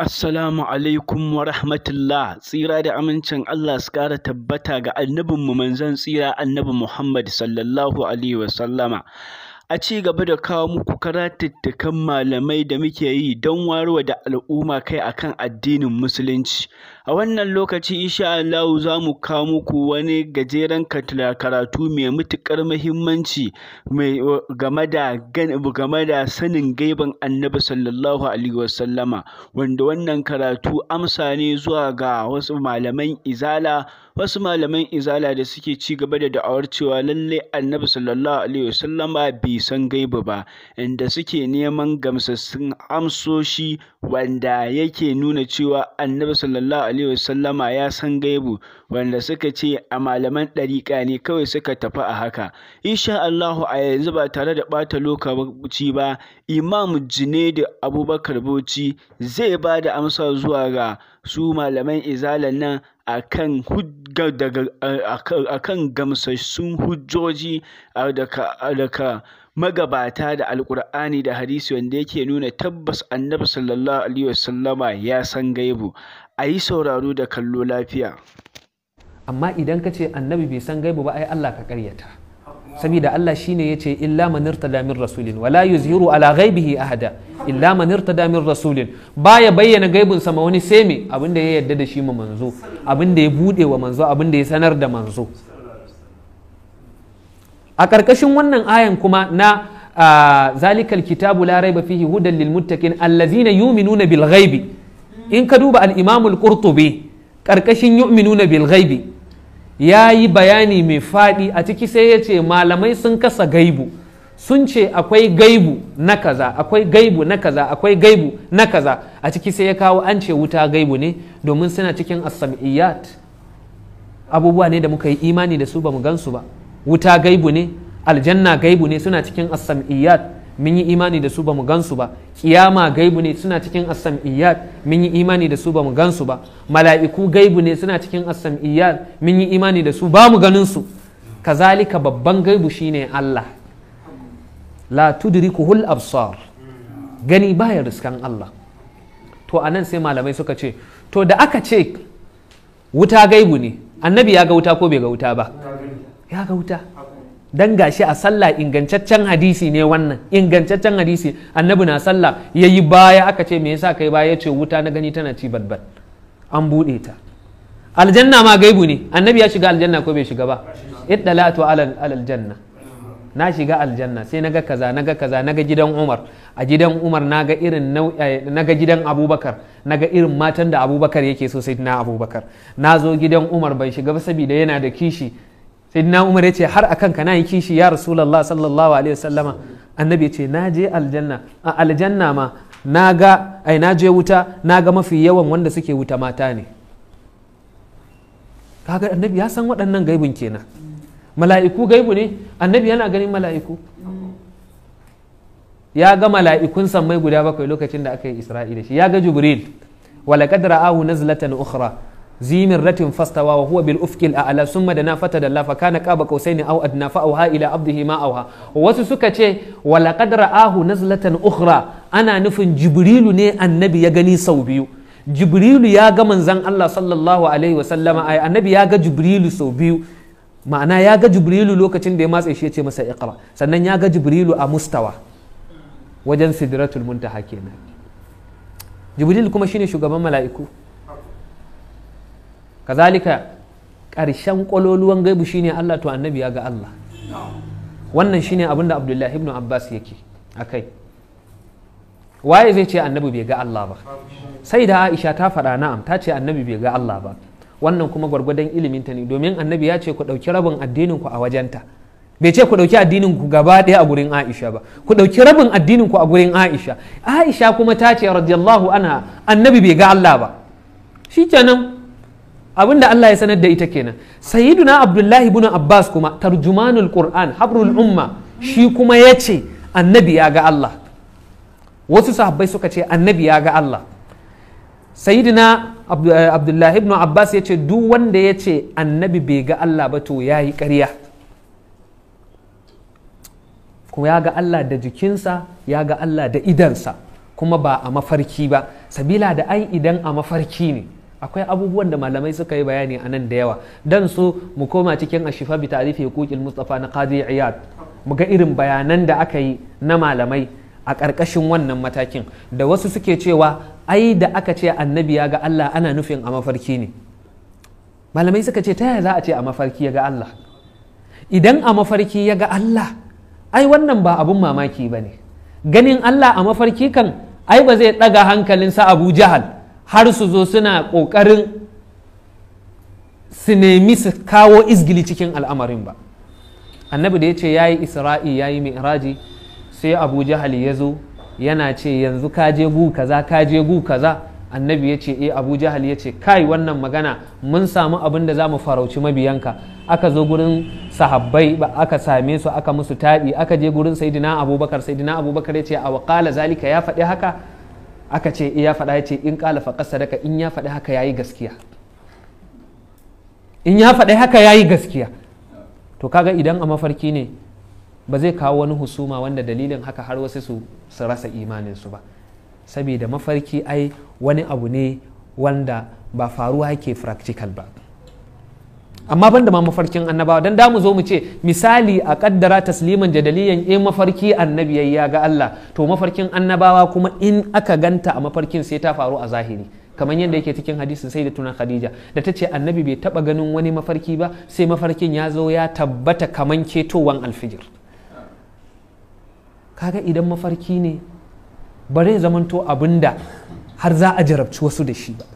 Assalamu alaikum wa rahmatullah tsira da amincin Allah su ƙara tabbata ga annabinmu manzon tsira annabi Muhammad sallallahu alaihi wa sallama a ci gaba da kawo muku karatuttukan malamai da muke yi don warwa da al'umma kai akan addinin musulunci A wannan lokaci insha Allah za mu kawo muku wani gajeren karatu mai matuƙar muhimmanci mai uh, game da game da sanin gaiban Annabi sallallahu alaihi wasallama wanda wannan karatu amsa ne zuwa ga wasu malaman izala wasu malaman izala da suke ci gaba da da'awar cewa lalle Annabi sallallahu alaihi wasallama bai san gaiba ba inda suke neman gamsassun amsoshi wanda yake nuna cewa Annabi sallallahu alaihi wasallama ya san gaibu wanda suka ce a malaman ɗariƙa ne kawai suka tafi a haka insha Allahu a yanzu ba tare da ɓata lokaci ba Imam Junaidu Abubakar Bauchi zai ba da amsa zuwa ga su malaman izalan nan akan akan gamsassun hujjoji daga magabata da alƙur'ani da hadisi wanda yake nuna tabbas annabi sallallahu alaihi wasallama ya san gaibu a yi sauraro da kallo lafiya amma idan ka ce annabi bai san gaibu ba ai Allah ka karyata saboda Allah shine yace illa man irtada min rasulin wala yuzhiru ala ghaibihi ahada illa man irtada min rasulin baya bayyana gaibun sa ma wani sai me abinda ya yarda da shi mu manzo abinda ya bude wa manzo abinda ya sanar da manzo a ƙarƙashin wannan ayan kuma na zalikal kitabu la raiba fihi hudan lil muttaqin allazina yu'minuna bil ghaibi in ka duba al imam al qurtubi ƙarƙashin yu'minuna bil ghaibi yayi bayani mai fadi a ciki sai ya ce malamai sun kasa gaibu sun ce akwai gaibu na kaza akwai gaibu na kaza akwai gaibu na kaza a ciki sai ya kawo an ce wuta gaibu ne domin suna cikin as-sam'iyat abubuwa ne da muka yi imani da su ba mu gansu ba wuta gaibu ne aljanna gaibu ne suna cikin as-sam'iyat mun yi imani da su ba mu gansu ba kiyama gaibu ne suna cikin as-sam'iyat mun yi imani da su ba mu gansu ba mala'iku gaibu ne suna cikin as-sam'iyat mun yi imani da su ba ganin su kazalika babban gaibu shine Allah la tudrikuhul absar gani baya riskan Allah to anan sai malamai suka ce to da aka ce wuta gaibu ne annabi ya ga wuta ko bai ga wuta ba ya ga wuta dan gashi a sallah ingantaccen hadisi ne wannan ingantaccen hadisi annabi na sallah yayi yi baya aka ce me yasa kai baya ya wuta na gani tana ci badbad an buɗe ta aljanna ma gaibu ne annabi ya shiga aljanna ko bai shiga ba iddalatu alal aljanna na shiga aljanna sai naga kaza naga kaza naga gidan Umar a gidan Umar naga irin naga eh, gidan Abubakar naga irin matan da Abubakar yake so sai na Abubakar na zo gidan Umar bai shiga ba saboda yana da kishi sayyidina umar yace har a kanka na yi kishi ya rasu rasulullah sallallahu alaihi wasallama annabi ce na je aljanna a aljanna ma na ga ai na je wuta na ga mafi yawan wanda suke wuta mata ne kaga annabi ya san waɗannan gaibin kenan mala'iku gaibu ne annabi yana ganin mala'iku ya ga mala'ikun sammai guda bakwai lokacin da aka yi isra'ila shi ya ga Jubril. wala qad ra'ahu nazlatan ukhra Zimin ratin fastawa wa huwa bil ufqil a'la summa na fata da lafa kana qaba qausaini aw adna fa auha ila abdihi ma auha wasu suka ce wa laqad ra'ahu nazlatan ukhra ana nufin jibrilu ne annabi ya gani sau biyu jibrilu ya ga manzan Allah sallallahu alaihi wa sallama ai annabi ya ga jibrilu sau biyu ma'ana ya ga jibrilu lokacin da ya matsa shi ya ce masa iqra sannan ya ga jibrilu a mustawa wajen sidratul muntaha kenan jibril kuma shine shugaban mala'iku kazalika karshen ƙwaloluwan gaibu shine Allah to annabi ya ga Allah wannan shine abin da Abdullahi ibn Abbas yake akai waye zai ce annabi bai ga Allah ba sai da Aisha ta faɗa na'am ta ce annabi bai ga Allah ba wannan kuma gwargwadon ilimin ta ne domin annabi ya ce ku ɗauki rabin addinin ku a wajenta bai ce ku ɗauki addinin ku gaba ɗaya a gurin Aisha ba ku ɗauki rabin addinin ku a gurin Aisha Aisha kuma ta ce radiyallahu anha annabi bai ga Allah ba shikenan abin da Allah ya sanar da ita kenan sayyiduna abdullahi ibn abbas kuma tarjumanul qur'an habrul umma shi kuma yace annabi ya ga Allah wasu sahabbai suka ce annabi ya ga Allah sayyidina eh, abdullahi ibn abbas ya ce duk wanda ya ce annabi bai ga Allah ba to yayi yi ƙarya kuma ya ga Allah da jikinsa ya ga Allah da idansa kuma ba a mafarki ba sabila da ai idan a mafarki ne akwai abubuwan da malamai suka yi bayani a nan da yawa dan su mu koma cikin ashifa bi ta'rifi huquqil mustafa na qadi iyad mu ga irin bayanan da aka yi na malamai a ƙarƙashin wannan matakin da wasu suke cewa ai da aka ce annabi ya ga Allah ana nufin a mafarki ne malamai suka ce ta yaya za a ce a mafarki ya ga Allah idan a mafarki ya ga Allah ai wannan ba abun mamaki ba ne ganin Allah a mafarki kan ai ba zai ɗaga hankalinsa abu jahal har su zo suna ƙoƙarin su nemi su kawo izgili cikin al'amarin ba annabi da ya ce ya yi isra'i ya yi mi'raji sai abu jahal ya zo yana ce yanzu ka je gu kaza ka je gu kaza annabi ya ce eh abu jahal ya ce kai wannan magana mun samu abin da za mu farauci mabiyanka aka zo gurin sahabbai ba aka same su aka musu taɗi aka je gurin saidina abubakar saidina abubakar ya ce a Wakala zalika ya faɗi haka aka ce eh, ya faɗa ya ce in ƙala faƙar sadaka in ya faɗi haka yayi gaskiya in ya faɗi haka yayi gaskiya to kaga idan a mafarki ne ba zai kawo wani husuma wanda dalilin haka har wasu su rasa imaninsu ba saboda mafarki ai wani abu ne wanda ba faruwa yake practical ba amma banda ma mafarkin annabawa dan da mu zo mu ce misali a kaddara tasliman jadaliyan in eh, mafarki annabi ya ga Allah to mafarkin annabawa kuma in aka ganta a mafarkin sai ta faru a zahiri kamar yadda yake cikin hadisin sai da tunan khadija da ta ce annabi bai taba ganin wani mafarki ba sai mafarkin ya zo ya tabbata kaman ketowan alfijir kaga idan mafarki ne bare zamanto abinda har za a jarabci wasu da shi ba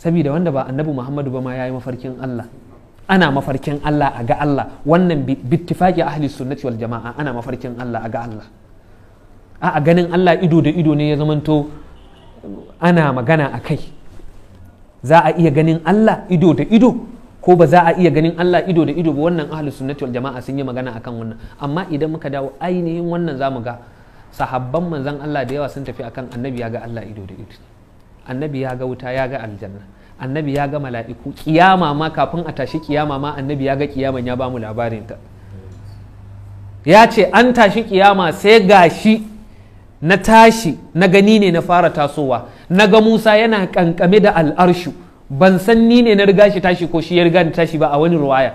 saboda wanda ba annabi muhammadu ba ma yi mafarkin Allah ana mafarkin Allah a ga Allah wannan bittifaki ahli sunnati wal jama'a ana mafarkin Allah a ga Allah a ganin Allah ido da ido ne ya zamanto ana magana a kai za a iya ganin Allah ido da ido ko ba za a iya ganin Allah ido da ido ba wannan ahli sunnati wal jama'a sun yi magana akan wannan amma idan muka dawo ainihin wannan zamu ga sahabban manzon Allah da yawa sun tafi akan annabi ya ga Allah ido da ido annabi ya ga wuta ya ga aljanna annabi ya ga mala'iku kiyama ma kafin a tashi kiyama ma annabi ya ga kiyaman ya ba mu labarin ta ya ce an tashi kiyama sai gashi na tashi na gani ne na fara tasowa na ga Musa yana kankame da al'arshu ban san ni ne na riga shi tashi ko shi ya riga ni tashi ba a wani ruwaya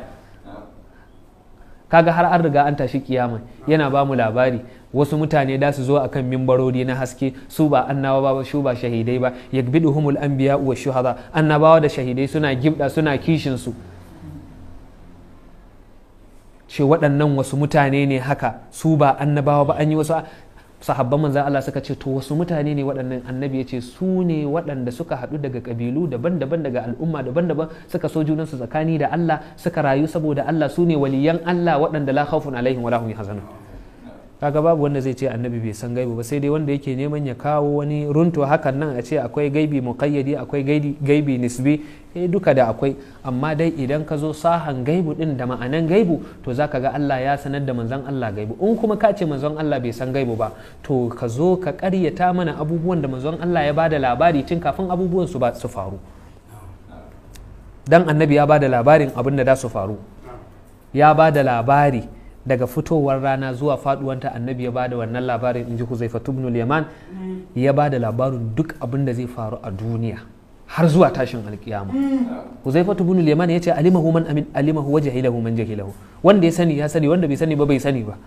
kaga har an riga an tashi kiyama yana ba mu labari wasu mutane da su zo a kan mimbarori na haske su ba annabawa ba shu ba shahidai ba an biya wa shuhada annabawa da shahidai suna gibda suna kishin su ce waɗannan wasu mutane ne haka su ba annabawa ba an yi wasu sahabban manzan Allah suka ce to wasu mutane ne waɗannan annabi ya ce su ne waɗanda suka haɗu daga ƙabilu daban-daban daga al'umma daban-daban suka so junansu tsakani da Allah suka rayu saboda Allah su ne waliyan Allah waɗanda la khawfun alaihim wa lahum yahzanun kaga babu wanda zai ce annabi bai san gaibi ba sai dai wanda yake neman ya kawo wani runto hakan nan a ce akwai gaibi muqayyadi akwai gaibi nisbi eh duka da akwai amma dai idan ka zo sahan gaibu din da ma'anan gaibu to zaka ga Allah ya sanar da manzon Allah gaibu in kuma ka ce manzon Allah bai san gaibu ba to ka zo ka karyata mana abubuwan da manzon Allah ya bada labari tun kafin abubuwan su su faru dan annabi ya bada labarin abin da da su faru ya bada labari daga fitowar rana zuwa faduwanta annabi ya bada wannan labarin in ji huzaifa tubnul yaman mm. ya bada labarin duk abin da zai faru a duniya har zuwa tashin alkiyama mm. huzaifa tubnul yaman ya ce alimahu man amin alimahu wa jahilahu man jahilahu wanda ya sani ya sani wanda bai sani ba bai sani ba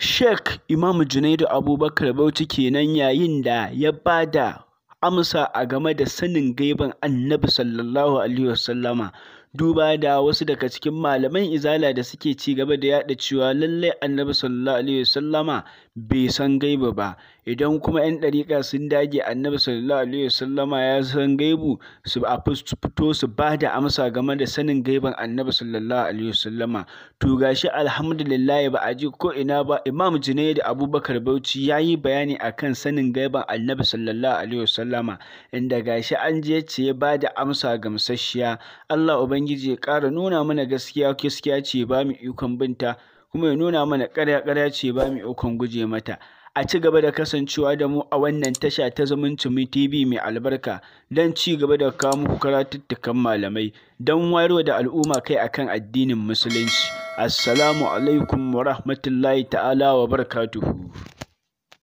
Sheikh Imam Junaidu Abubakar Bauchi kenan yayin da ya bada amsa a game da sanin gaiban Annabi sallallahu alaihi wasallama duba da wasu daga cikin malaman izala da suke ci gaba da yaɗa cewa lallai annabi sallallahu alaihi wasallama bai san gaiba ba idan kuma 'yan ɗariƙa sun dage annabi sallallahu alaihi wasallama ya san gaibu su a fito su ba da amsa game da sanin gaiban annabi sallallahu alaihi wasallama to gashi alhamdulillah ba a ji ko ina ba imam junaid abubakar bauchi ya yi bayani akan sanin gaiban annabi sallallahu alaihi wasallama inda gashi an je ce ya ba da amsa gamsasshiya allah ubangiji ya ƙara nuna mana gaskiya gaskiya ce ba mu ikon binta kuma ya nuna mana ƙarya ƙarya ce ba mu ikon guje mata a ci gaba da kasancewa da mu a wannan tasha ta zumunci zumuncin TV mai albarka don ci gaba da kawo muku karatuttukan malamai don wayarwa da al'umma kai akan addinin musulunci assalamu alaikum wa rahmatullahi ta'ala wa barakatuhu